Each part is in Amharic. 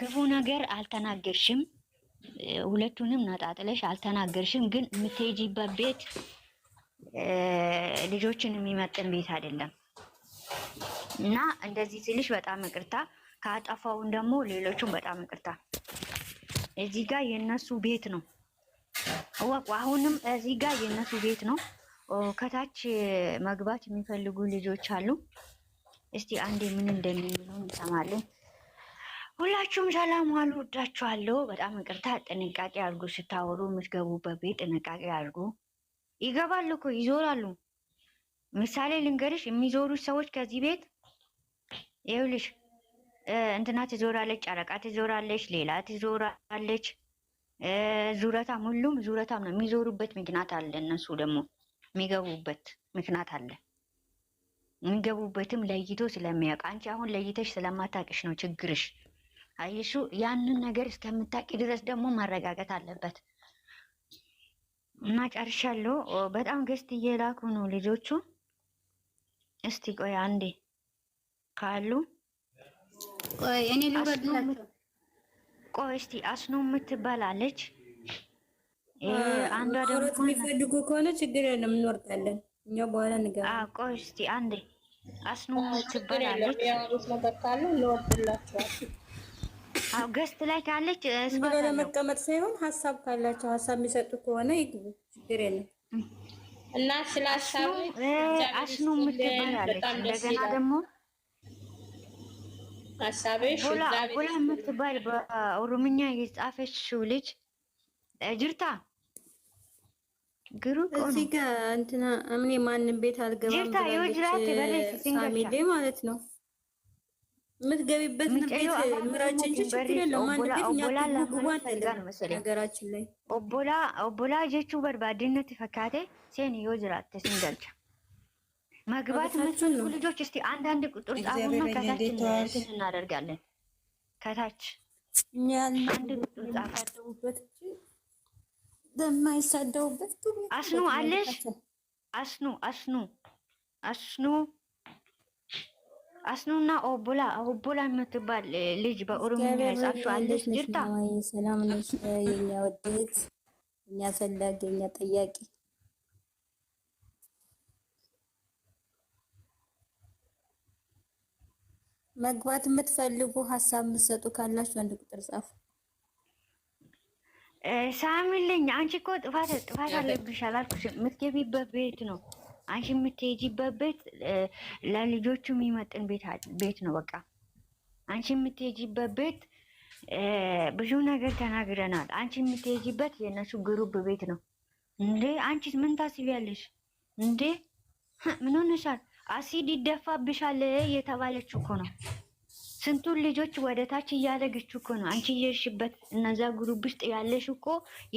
ክፉ ነገር አልተናገርሽም፣ ሁለቱንም ነጣጥለሽ አልተናገርሽም። ግን የምትሄጂበት ቤት ልጆችን የሚመጥን ቤት አይደለም እና እንደዚህ ስልሽ በጣም ይቅርታ፣ ካጠፋውን ደግሞ ሌሎቹን በጣም ይቅርታ። እዚህ ጋር የነሱ ቤት ነው ወቁ። አሁንም እዚህ ጋር የነሱ ቤት ነው። ከታች መግባት የሚፈልጉ ልጆች አሉ። እስቲ አንዴ ምን እንደሚሉ እንሰማለን። ሁላችሁም ሰላም ዋሉ፣ ወዳችኋለሁ። በጣም ይቅርታ። ጥንቃቄ አድርጉ፣ ስታወሩ የምትገቡበት ቤት ጥንቃቄ አድርጉ። ይገባሉ እኮ ይዞራሉ። ምሳሌ ልንገርሽ፣ የሚዞሩ ሰዎች ከዚህ ቤት ይኸውልሽ፣ እንትና ትዞራለች፣ ጨረቃ ትዞራለች፣ ሌላ ትዞራለች፣ ዙረታም፣ ሁሉም ዙረታም ነው። የሚዞሩበት ምክንያት አለ። እነሱ ደግሞ የሚገቡበት ምክንያት አለ። የሚገቡበትም ለይቶ ስለሚያውቅ አንቺ አሁን ለይተሽ ስለማታውቅሽ ነው ችግርሽ። አይሹ ያንን ነገር እስከምታቂ ድረስ ደግሞ ማረጋገጥ አለበት እና ጨርሻለሁ። በጣም ገስት እየላኩ ነው ልጆቹ። እስቲ ቆይ አንዴ ካሉ ቆይ እኔ ቆይ እስቲ አስኖ የምትባላለች አንዷ ደግሞ የሚፈልጉ ከሆነ ችግር የለም እንወርጣለን እኛ በኋላ ንገር። ቆይ እስቲ አንዴ አስኖ የምትባላለች ያሉት ነገር ካሉ እንወርድላቸዋል። ገስት ላይ ካለች ነው መቀመጥ ሳይሆን ሀሳብ ካላቸው ሀሳብ የሚሰጡ ከሆነ ይግቡ፣ ችግር የለም። እና ስለ ሀሳብ አሽኑ የምትባላለች እንደገና ደግሞ ሀሳብሽ ቡላ የምትባል በኦሮምኛ የጻፈችው ልጅ ጅርታ ግሩ እዚህ ጋር እንትና እምኔ ማንም ቤት አልገባም ጅርታ የወጅራት በላይ ሲንገሻ ማለት ነው የምትገቢበት ምራጭ ችግር የለውም። አንድ ቤት እኛ ጉጉባን ነገራችን ላይ ኦቦላ ኦቦላ ጀቹ በርባድነት ፈካቴ ሴን ዮ ጅራተ መግባት ምትሉ ልጆች እስቲ አንዳንድ ቁጥር ጻፉና ከታች እናደርጋለን። ከታች አንድ ቁጥር ጻፋደውበት ደማይሳደውበት አስኑ አለሽ አስኑ አስኑ አስኑ አስኑና ኦቦላ ኦቦላ የምትባል ልጅ በኦሮሚያ ያጻችሁ አለች። ጅርታ ሰላም ነሽ? የኛ ወደት እኛ ፈላጊ የኛ ጠያቂ መግባት የምትፈልጉ ሀሳብ የምትሰጡ ካላችሁ አንድ ቁጥር ጻፉ። ሳሚልኝ አንቺ እኮ ጥፋት ጥፋት አለብሽ አላልኩሽም? የምትገቢበት ቤት ነው አንቺ የምትሄጂበት ቤት ለልጆቹ የሚመጥን ቤት ነው። በቃ አንቺ የምትሄጂበት ቤት ብዙ ነገር ተናግረናል። አንቺ የምትሄጂበት የእነሱ ግሩብ ቤት ነው እንዴ! አንቺ ምን ታስቢያለሽ እንዴ? ምን ሆነሻል? አሲድ ይደፋብሻል እየተባለች እኮ ነው። ስንቱን ልጆች ወደ ታች እያደረገችው እኮ ነው። አንቺ እየሄድሽበት እነዛ ግሩብ ውስጥ ያለሽ እኮ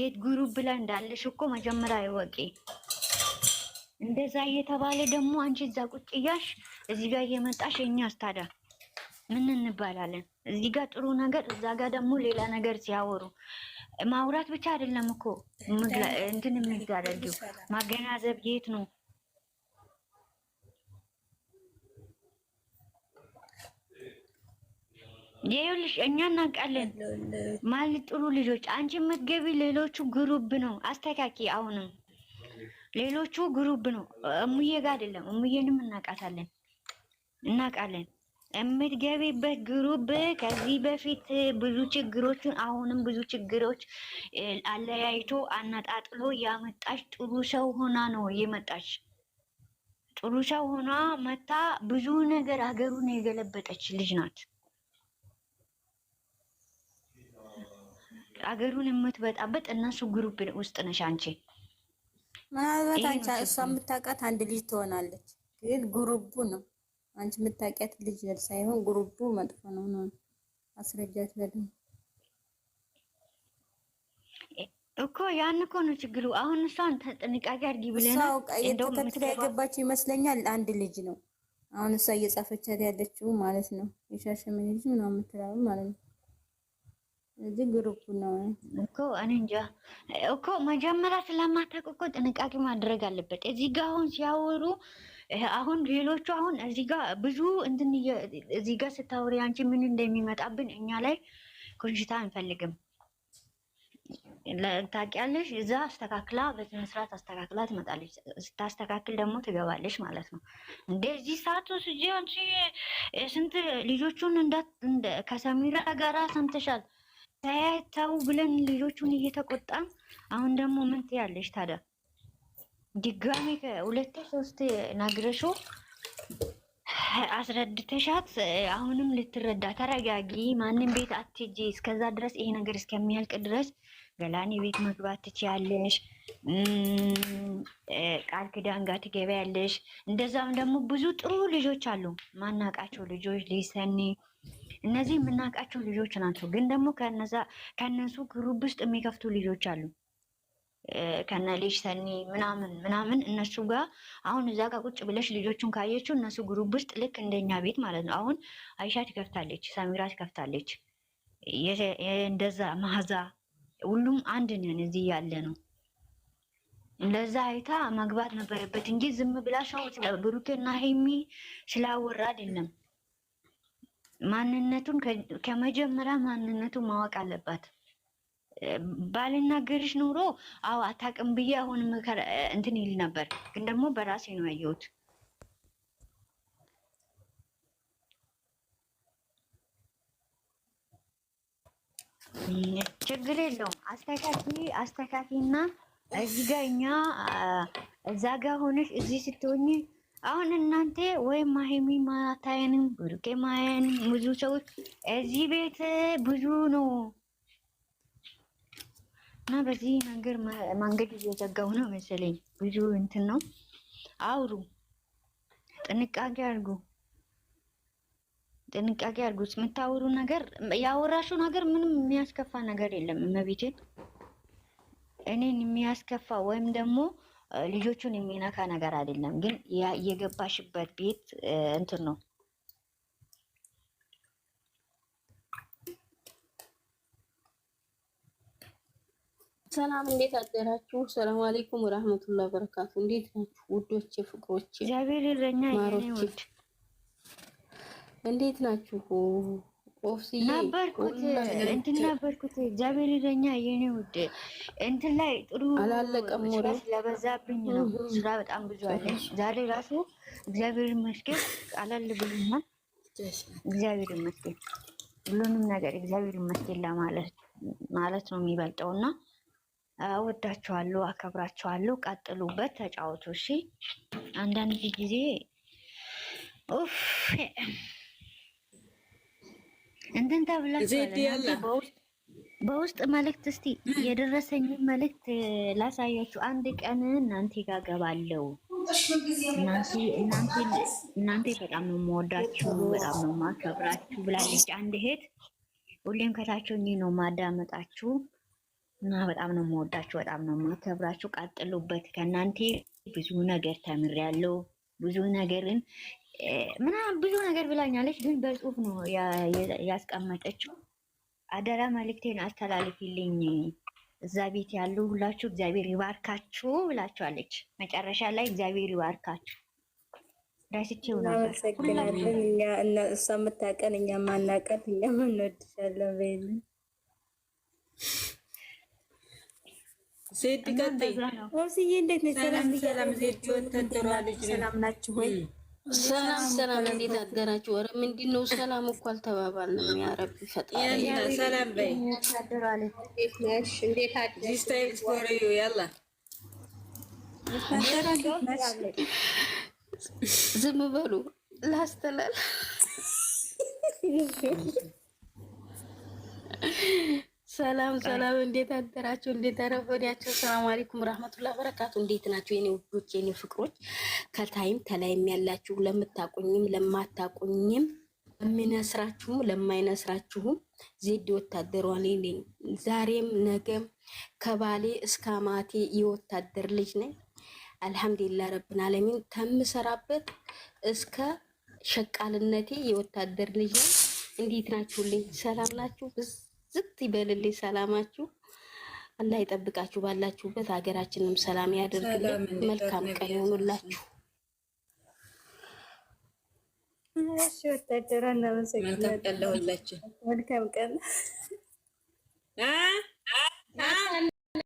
የት ግሩብ ላይ እንዳለሽ እኮ መጀመሪያ ይወቂ። እንደዛ እየተባለ ደግሞ አንቺ እዛ ቁጭ እያልሽ እዚህ ጋር እየመጣሽ እኛስ ታዲያ ምን እንባላለን? እዚህ ጋር ጥሩ ነገር፣ እዛ ጋር ደግሞ ሌላ ነገር ሲያወሩ ማውራት ብቻ አይደለም እኮ እንትን የሚዳረጊው ማገናዘብ የት ነው ይኸውልሽ እኛ እናውቃለን ማለት ጥሩ ልጆች አንቺ የምትገቢ ሌሎቹ ግሩብ ነው። አስተካኪ አሁንም ሌሎቹ ግሩብ ነው። እሙዬ ጋር አይደለም። እሙዬንም እናቃታለን እናቃለን። የምትገቢበት ግሩብ ከዚህ በፊት ብዙ ችግሮችን አሁንም ብዙ ችግሮች አለያይቶ አነጣጥሎ ያመጣች ጥሩ ሰው ሆና ነው የመጣች። ጥሩ ሰው ሆና መታ ብዙ ነገር ሀገሩን የገለበጠች ልጅ ናት። አገሩን የምትበጣበት እነሱ ግሩብ ውስጥ ነሽ አንቺ። ምናልባት አንቺ እሷ የምታውቃት አንድ ልጅ ትሆናለች፣ ግን ጉሩቡ ነው። አንቺ የምታውቂያት ልጅ ሳይሆን ጉሩቡ መጥፎ ነው ነው። አስረጃት እኮ ያን እኮ ነው ችግሩ። አሁን እሷን ጥንቃቄ አድርጊ ተከትላ ይመስለኛል አንድ ልጅ ነው። አሁን እሷ እየጻፈቻት ያለችው ማለት ነው የሻሸመኔ ልጅ ምናምን የምትለው ማለት ነው ግሩፕ ነው እኮ እኔ እንጃ እኮ መጀመሪያ ስለማታውቅ እኮ ጥንቃቄ ማድረግ አለበት። እዚህ ጋ አሁን ሲያወሩ አሁን ሌሎቹ አሁን እዚህ ጋ ብዙ እንትን እዚህ ጋ ስታወሪ አንቺ ምን እንደሚመጣብን እኛ ላይ ኮንሽታ አንፈልግም። ታውቂያለሽ፣ እዛ አስተካክላ በስነ ስርዓት አስተካክላ ትመጣለች። ስታስተካክል ደግሞ ትገባለች ማለት ነው። እንደዚህ ሰዓቱ አንቺ ስንት ልጆቹን ከሰሚራ ጋራ ሰምተሻል። ተያይተው ብለን ልጆቹን እየተቆጣን አሁን ደግሞ ምን ትያለሽ ታዲያ? ድጋሚ ከሁለት ሶስት ነግረሾ አስረድተሻት አሁንም ልትረዳ ተረጋጊ፣ ማንም ቤት አትጂ፣ እስከዛ ድረስ ይሄ ነገር እስከሚያልቅ ድረስ ገላኔ ቤት መግባት ትችያለሽ፣ ቃል ክዳን ጋር ትገበያለሽ። እንደዛም ደግሞ ብዙ ጥሩ ልጆች አሉ ማናቃቸው ልጆች ሊሰኒ እነዚህ የምናውቃቸው ልጆች ናቸው። ግን ደግሞ ከነዛ ከነሱ ግሩብ ውስጥ የሚከፍቱ ልጆች አሉ ከነ ልጅ ሰኒ ምናምን ምናምን እነሱ ጋር አሁን እዛ ጋር ቁጭ ብለሽ ልጆቹን ካየችው እነሱ ግሩብ ውስጥ ልክ እንደኛ ቤት ማለት ነው። አሁን አይሻ ትከፍታለች፣ ሳሚራ ትከፍታለች። እንደዛ ማዛ ሁሉም አንድ ነን እዚህ ያለ ነው። ለዛ አይታ መግባት ነበረበት እንጂ ዝም ብላ ሰው ብሩኬና ሄሚ ስላወራ አይደለም። ማንነቱን ከመጀመሪያ ማንነቱ ማወቅ አለባት። ባልናገርሽ ኑሮ አዎ አታውቅም ብዬ አሁን እንትን ይል ነበር፣ ግን ደግሞ በራሴ ነው ያየሁት። ችግር የለውም። አስተካኪ አስተካኪና እዚህ ጋ እኛ እዛ ጋ ሆነሽ እዚህ ስትሆኝ አሁን እናንተ ወይም ማህሚ ማታየንም ብሩቄ ማየን ብዙ ሰዎች እዚህ ቤት ብዙ ነው እና በዚህ ነገር መንገድ እየዘጋው ነው መሰለኝ። ብዙ እንትን ነው አውሩ፣ ጥንቃቄ አድርጉ፣ ጥንቃቄ አድርጉ። የምታወሩ ነገር ያወራሹ ነገር ምንም የሚያስከፋ ነገር የለም። እመቤቴን እኔን የሚያስከፋ ወይም ደግሞ ልጆቹን የሚነካ ነገር አይደለም። ግን የገባሽበት ቤት እንትን ነው ሰላም እንዴት አደራችሁ? ሰላም አለይኩም ወራህመቱላሂ ወበረካቱ። እንዴት ናችሁ ውዶቼ፣ ፍቅሮቼ፣ እግዚአብሔር ይረኛ እንዴት ናችሁ? ነበርኩት እንትን ነበርኩት። እግዚአብሔር ይረኛ የኔ ውድ እንትን ላይ ጥሩ ነው። ስራ በጣም ብዙ አለ። ዛሬ ራሱ እግዚአብሔር ይመስገን ቃላል ብልና እግዚአብሔር ይመስገን ሁሉንም ነገር እግዚአብሔር ይመስገን ለማለት ነው የሚበልጠው እና አከብራችኋለሁ። ቀጥሉበት፣ ተጫወቱ። እሺ አንዳንድ ጊዜ ኡፍ እንትን ተብላ በውስጥ መልእክት እስቲ የደረሰኝ መልእክት ላሳያችሁ። አንድ ቀን እናንተ ጋር ገባለው። እናንተ በጣም ነው የምወዳችሁ፣ በጣም ነው የማከብራችሁ ብላለች አንድ እህት። ሁሌም ከታቸው እኔ ነው ማዳመጣችሁ እና በጣም ነው የምወዳችሁ፣ በጣም ነው የማከብራችሁ። ቀጥሉበት። ከእናንተ ብዙ ነገር ተምሬያለሁ። ብዙ ነገርን ምናምን ብዙ ነገር ብላኛለች፣ ግን በጽሁፍ ነው ያስቀመጠችው። አደራ መልእክቴን አስተላልፊልኝ እዛ ቤት ያሉ ሁላችሁ እግዚአብሔር ይባርካችሁ ብላችኋለች። መጨረሻ ላይ እግዚአብሔር ይባርካችሁ ዳስቼው ነበር። እሷ የምታውቀን እኛ ማናቀን፣ እኛ ምንወድሻለን በይል ዜድ ቀጥይ። ወስዬ እንዴት ነው? ሰላም ሰላም። ዜድ ወተንደሯ ልጅ ሰላም ናችሁ ወይ? ሰላም ሰላም፣ እንዴት አደራችሁ? ወረ ምንድን ነው ሰላም እኮ አልተባባልንም። ያ ረቢ ፈጣሪ ዝም በሉ ላስተላል ሰላም ሰላም፣ እንዴት አደራችሁ? እንዴት አረፈዳችሁ? ሰላም አለይኩም ረህመቱላ በረካቱ። እንዴት ናችሁ የኔ ውዶች፣ የኔ ፍቅሮች፣ ከታይም ተላይም ያላችሁ ለምታቁኝም ለማታቁኝም ለሚነስራችሁም ለማይነስራችሁም ዜድ ወታደሯ እኔ ነኝ። ዛሬም ነገም ከባሌ እስከ አማቴ የወታደር ልጅ ነኝ። አልሐምዱሊላህ ረብን አለሚን ከምሰራበት እስከ ሸቃልነቴ የወታደር ልጅ ነኝ። እንዴት ናችሁልኝ? ሰላም ናችሁ? ዝት ይበልልኝ ሰላማችሁ። አላህ ይጠብቃችሁ። ባላችሁበት ሀገራችንም ሰላም ያደርግልን። መልካም ቀን ይሆኑላችሁ። መልካም ቀን